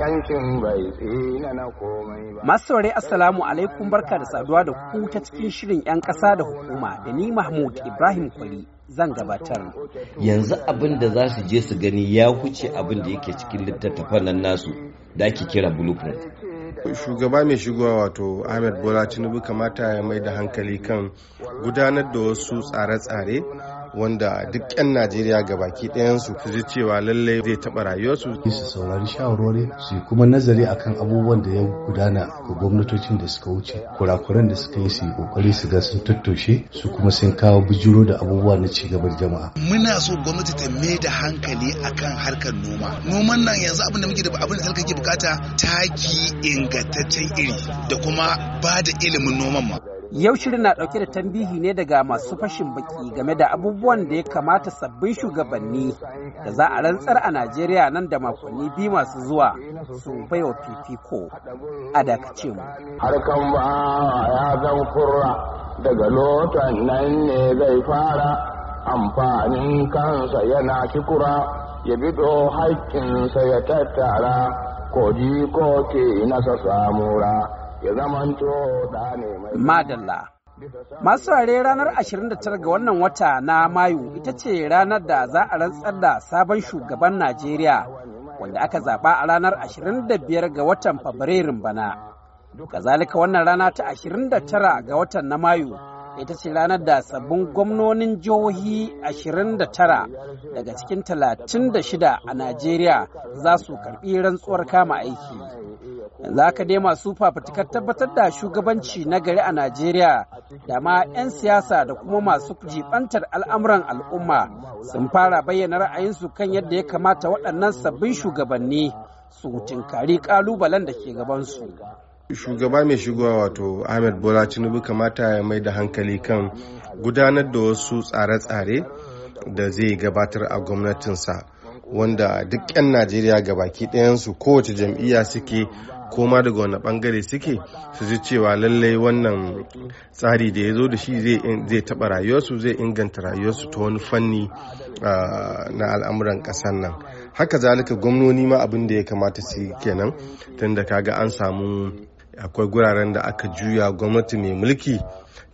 yankin bai tsina na komai ba. Masu saurari Assalamu alaikum barka da saduwa da ku ta cikin shirin 'yan ƙasa da hukuma da ni Mahmud Ibrahim Kwari zan gabatar. Yanzu abin da za su je su gani ya huce abin da yake cikin littattafan nan nasu da ake kira blueprint. shugaba mai shigowa wato ahmed bola tinubu kamata ya mai da hankali kan gudanar da wasu tsare-tsare wanda duk 'yan najeriya ga baki ɗayansu su ji cewa lallai zai taɓa rayuwarsu su saurari shawarwari su kuma nazari akan abubuwan da ya gudana ga gwamnatocin da suka wuce kurakuran da suka yi su yi kokari su ga sun tattoshe su kuma sun kawo bijiro da abubuwa na cigaban jama'a muna so gwamnati ta mai da hankali akan harkar noma noman nan yanzu abin da muke da abin da sarkake bukata taki in ingantaccen iri da kuma ba da ilimin noman ma. Yau shirin na ɗauke da tambihi ne daga masu fashin baki game da abubuwan da ya kamata sabbin shugabanni da za a rantsar a Najeriya nan da makonni biyu masu zuwa su baiwa fifiko a dakace mu. Harkan ba ya zan kurra daga lotan nan ne zai fara amfanin kansa yana kikura ya bido haƙƙinsa ya tattara. ji ko ke sassa samura ya zamanto da ne mai madalla masu rare ranar 29 ga wannan wata na mayu ita ce ranar da za a rantsar da sabon shugaban najeriya wanda aka zaba a ranar 25 ga watan fabrairun bana kazalika wannan rana ta 29 ga watan na mayu ita ce ranar da sabbin gwamnonin jihohi 29 daga cikin 36 a Najeriya za su karɓi rantsuwar kama aiki. Yanzu haka dai masu fafutukar tabbatar da shugabanci na gari a Najeriya da ma 'yan siyasa da kuma masu jibantar al'amuran al'umma sun fara bayyana ra'ayinsu kan yadda ya kamata waɗannan sabbin shugabanni su tinkari ƙalubalen da ke gabansu. shugaba mai shigowa wato ahmed bola tinubu kamata ya mai da hankali kan gudanar da wasu tsare-tsare da zai gabatar a gwamnatinsa wanda duk 'yan najeriya gabaki ɗayansu kowace jam'iyya suke koma daga wani bangare suke su ji cewa lallai wannan tsari da ya zo da shi zai taɓa rayuwarsu zai inganta rayuwarsu ta wani fanni na al'amuran ƙasar nan haka zalika gwamnoni ma abin da ya kamata su kenan tunda kaga an samu akwai guraren da aka juya gwamnati mai mulki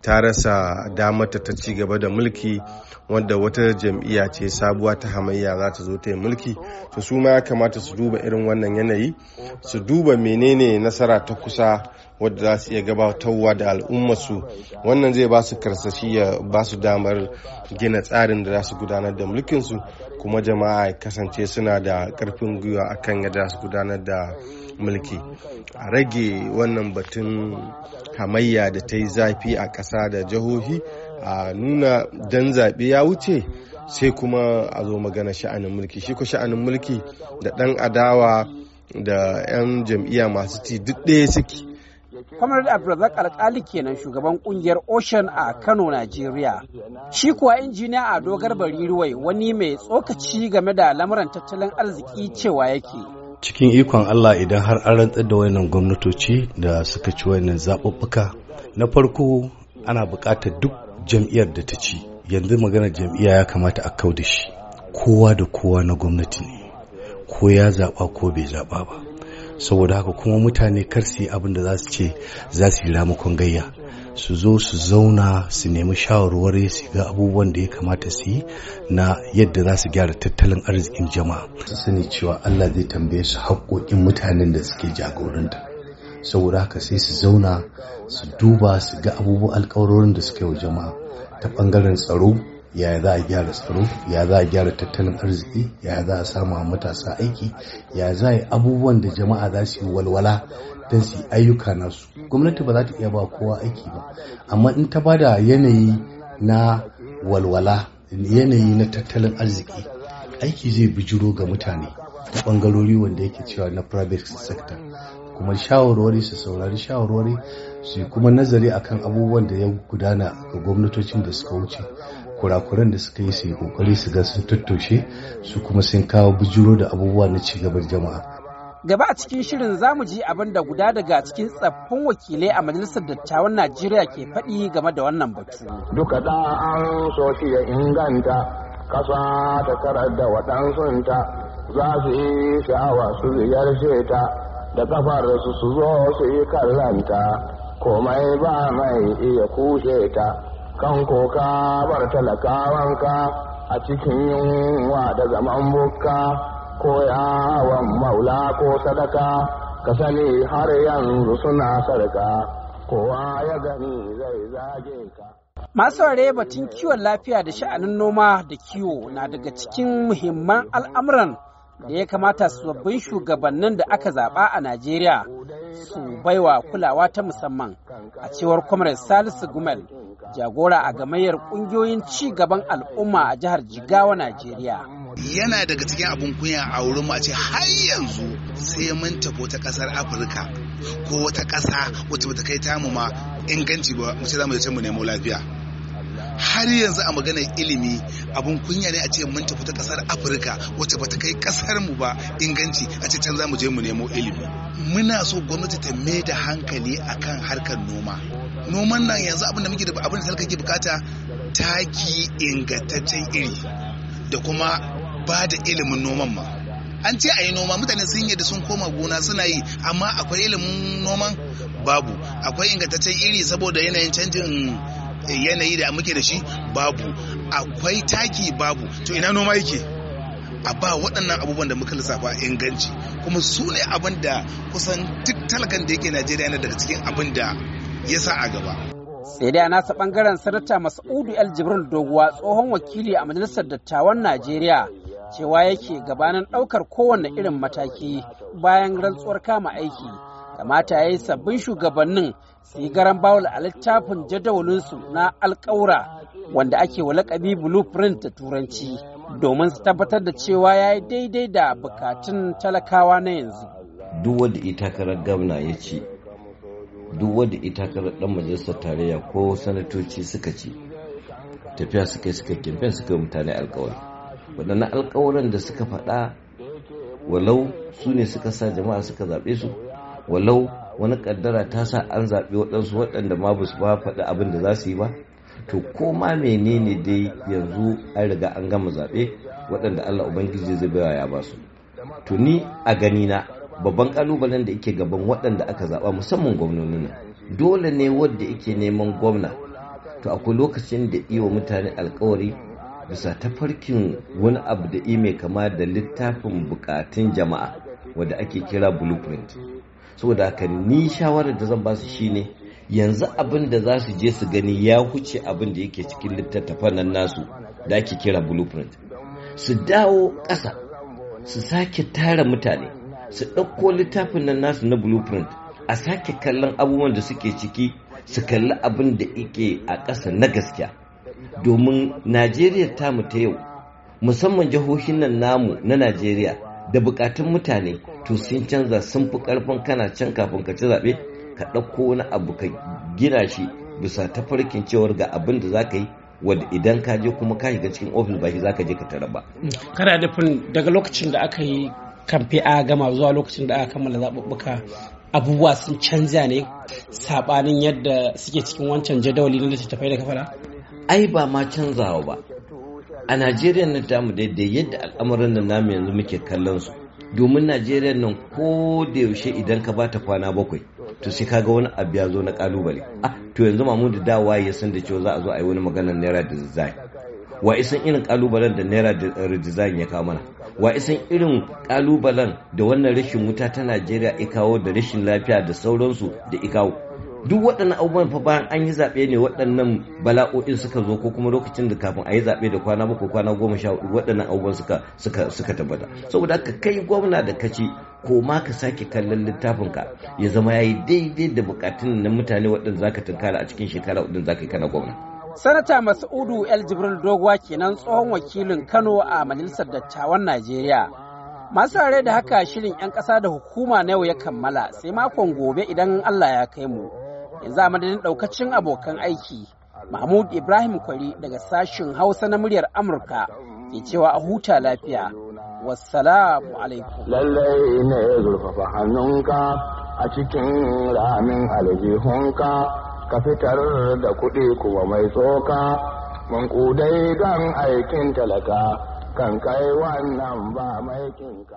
ta rasa damata ta ci gaba da mulki wanda wata jam'iyya ce sabuwa ta hamayya za ta zo ta yi mulki to su ma ya kamata su duba irin wannan yanayi su duba menene nasara ta kusa wadda za su iya gabatarwa da al'ummarsu wannan zai ba su karsashi ya ba su damar gina tsarin da za su gudanar da mulkinsu kuma jama'a ya kasance suna da karfin gwiwa akan yadda su gudanar da mulki a rage wannan batun hamayya da ta yi zafi a ƙasa da jihohi a nuna dan zaɓe ya wuce sai kuma a zo magana sha'anin mulki shi ko sha'anin mulki da ɗan adawa da 'yan jam'iyya masu ci duk ɗaya suke kamar abdulrazak alkali kenan shugaban ƙungiyar ocean a kano Najeriya, shi kuwa injiniya a dogar bari ruwai wani mai tsokaci game da lamuran tattalin arziki cewa yake cikin ikon Allah idan har an rantsar da wannan gwamnatoci da suka ci wayannan zaɓuɓɓuka na farko ana buƙatar duk jam'iyyar da ta ci yanzu maganar jam'iyya ya kamata a kau da shi kowa da kowa na gwamnati ne ko ya zaɓa ko bai zaɓa ba saboda haka kuma mutane kar su yi abin da za su ce za su yi ramakon gayya su zo su zauna su nemi shawarwari su ga abubuwan da ya kamata su yi na yadda za su gyara tattalin arzikin jama'a su sani cewa Allah zai tambaye su haƙoƙin mutanen da suke jagoranta saboda haka sai su zauna su duba su ga abubuwan alkawarorin da suke wa jama'a ta ɓangaren tsaro Yaya za a gyara tsaro ya za a gyara tattalin arziki Yaya za a samu a matasa aiki Yaya za a abubuwan da jama'a za su yi walwala don su ayyuka nasu gwamnati ba za ta iya ba kowa aiki ba amma in ta bada yanayi na walwala yanayi na tattalin arziki aiki zai bijiro ga mutane ta bangarori wanda yake cewa na private sector kuma shawarwari su saurari shawarwari su kuma nazari akan abubuwan da ya gudana ga gwamnatocin da suka wuce kurakuran da suka yi su yi kokari su ga sun tattoshe su kuma sun kawo bujuru da abubuwa na cigaban jama'a gaba a cikin shirin zamu ji abin da guda daga cikin tsaffin wakilai a majalisar dattawan najeriya ke faɗi game da wannan batu duka da an soci ya inganta kasa ta karar da waɗansunta za su yi sha'awa su ziyarce ta da kafar su su zo su yi kallanta komai ba mai iya kushe ta kan koka bar talakawanka a cikin yunwa da zaman bukka ko yawon maula ko sadaka ka sani har yanzu suna sarka kowa ya gani zai zage ka Masu ware batun kiwon lafiya da sha'anin noma da kiwo na daga cikin muhimman al'amuran da ya kamata su babban shugabannin da aka zaɓa a Najeriya su baiwa kulawa ta musamman a cewar Comrade Salisu Gumel jagora a gamayyar kungiyoyin ci gaban al'umma a jihar Jigawa, Najeriya. Yana daga cikin abun kunya a wurin a ce har yanzu sai mun tafi wata kasar Afirka ko wata ƙasa wacce bata kai tamu ma inganci ba mu ce za mu je mu nemo lafiya. Har yanzu a maganar ilimi abun kunya ne a ce mun tafi ta kasar Afirka wacce bata kai kasar mu ba inganci a ce can za mu je mu nemo ilimi. Muna so gwamnati ta mai da hankali akan harkar noma. noman nan yanzu abin da muke da abin da bukata taki ingantaccen iri da kuma ba da ilimin noman ma an ce a yi noma mutane sun da sun koma gona suna yi amma akwai ilimin noman babu akwai ingantaccen iri saboda yanayin canjin eh, yanayi da muke da shi babu akwai taki babu to ina noma yake a ba waɗannan abubuwan da muka lissafa inganci kuma su ne abin da kusan duk talakan da yake najeriya na daga cikin abin da ya sa a gaba sai dai a nasa bangaren sanata mas'udu el jibril doguwa tsohon wakili a majalisar dattawan najeriya cewa yake gabanin daukar kowane irin mataki bayan rantsuwar kama aiki kamata ya yi sabbin shugabannin su yi garan bawul a littafin jadawalinsu na alkaura wanda ake wa walakabi blueprint da turanci domin su tabbatar da cewa ya yi daidai da bukatun talakawa na yanzu duk wanda ita takarar gwamna ya ce duk wanda ita karar dan majalisar tarayya ko sanatoci suka ce tafiya suka yi suka kimfen suka yi mutane alkawari waɗannan alkawaran da suka faɗa walau su ne suka sa jama'a suka zaɓe su walau wani kaddara ta sa an zaɓi waɗansu waɗanda ma ba su ba faɗi abin da za su yi ba to ko ma menene dai yanzu an riga an gama zaɓe waɗanda allah ubangiji zai wa ya ba su to ni a ganina babban kalubalen da yake gaban waɗanda aka zaɓa musamman gwamnoni ne. dole ne wadda yake neman gwamna to akwai lokacin da iya mutane alkawari bisa tafarkin wani abu da mai kama da littafin bukatun jama'a wadda ake kira blueprint saboda haka ni shawarar da zan basu shine yanzu abin da za su je su gani ya huce abin da yake cikin littattafan nan nasu da ake kira blueprint su dawo ƙasa su sake tara mutane su ɗauko littafin nan nasu na blueprint a sake kallon abubuwan da suke ciki su kalli abin da ike a ƙasa na gaskiya domin najeriya ta ta yau musamman jihohin nan namu na najeriya da bukatun mutane to sun canza sun fi karfin kana can kafin ka ci zaɓe ka ɗauko wani abu ka gina shi bisa tafarkin cewar ga abin da za ka yi wadda idan ka je kuma ka shiga cikin ofis ba shi za ka je ka tara ba. Kana nufin daga lokacin da aka yi kamfe a gama zuwa lokacin da aka kammala zaɓuɓɓuka abubuwa sun canza ne saɓanin yadda suke cikin wancan jadawali na littattafai da kafara? ai ba ma canzawa ba a najeriya na tamu daidai yadda al'amuran da namu yanzu muke kallon su domin najeriya nan ko da yaushe idan ka bata kwana bakwai to sai ga wani abu ya zo na kalubale ah to yanzu mamu da dawa ya san da cewa za a zo a yi wani maganar naira da zai wa isan irin kalubalen da naira da redesign ya kawo mana wa isan irin kalubalen da wannan rashin wuta ta najeriya ikawo da rashin lafiya da sauransu da ikawo duk waɗannan abubuwan fa bayan an yi zaɓe ne waɗannan bala'o'in suka zo ko kuma lokacin da kafin a yi zaɓe da kwana bakwai kwana goma sha hudu waɗannan abubuwan suka suka suka tabbata saboda haka kai gwamna da kaci ko ma ka sake kallon littafin ka ya zama yayi daidai da bukatun na mutane waɗanda zaka tunkara a cikin shekara waɗanda zaka yi kana gwamna. Sanata Mas'udu El Jibril Doguwa kenan tsohon wakilin Kano a Majalisar Dattawan Najeriya. Masu rare da haka shirin 'yan ƙasa da hukuma na yau ya kammala sai makon gobe idan Allah ya kai mu. Yanzu a madadin ɗaukacin abokan aiki, Mahmud Ibrahim Kwari daga sashin Hausa na muryar Amurka ke cewa a huta lafiya. Wassalamu alaikum. Lallai ne zurfafa hannunka a cikin ramin aljihunka. ka fitar da kuɗi kuma mai tsoka mun kudai gan aikin talaka kan kai wannan ba maikinka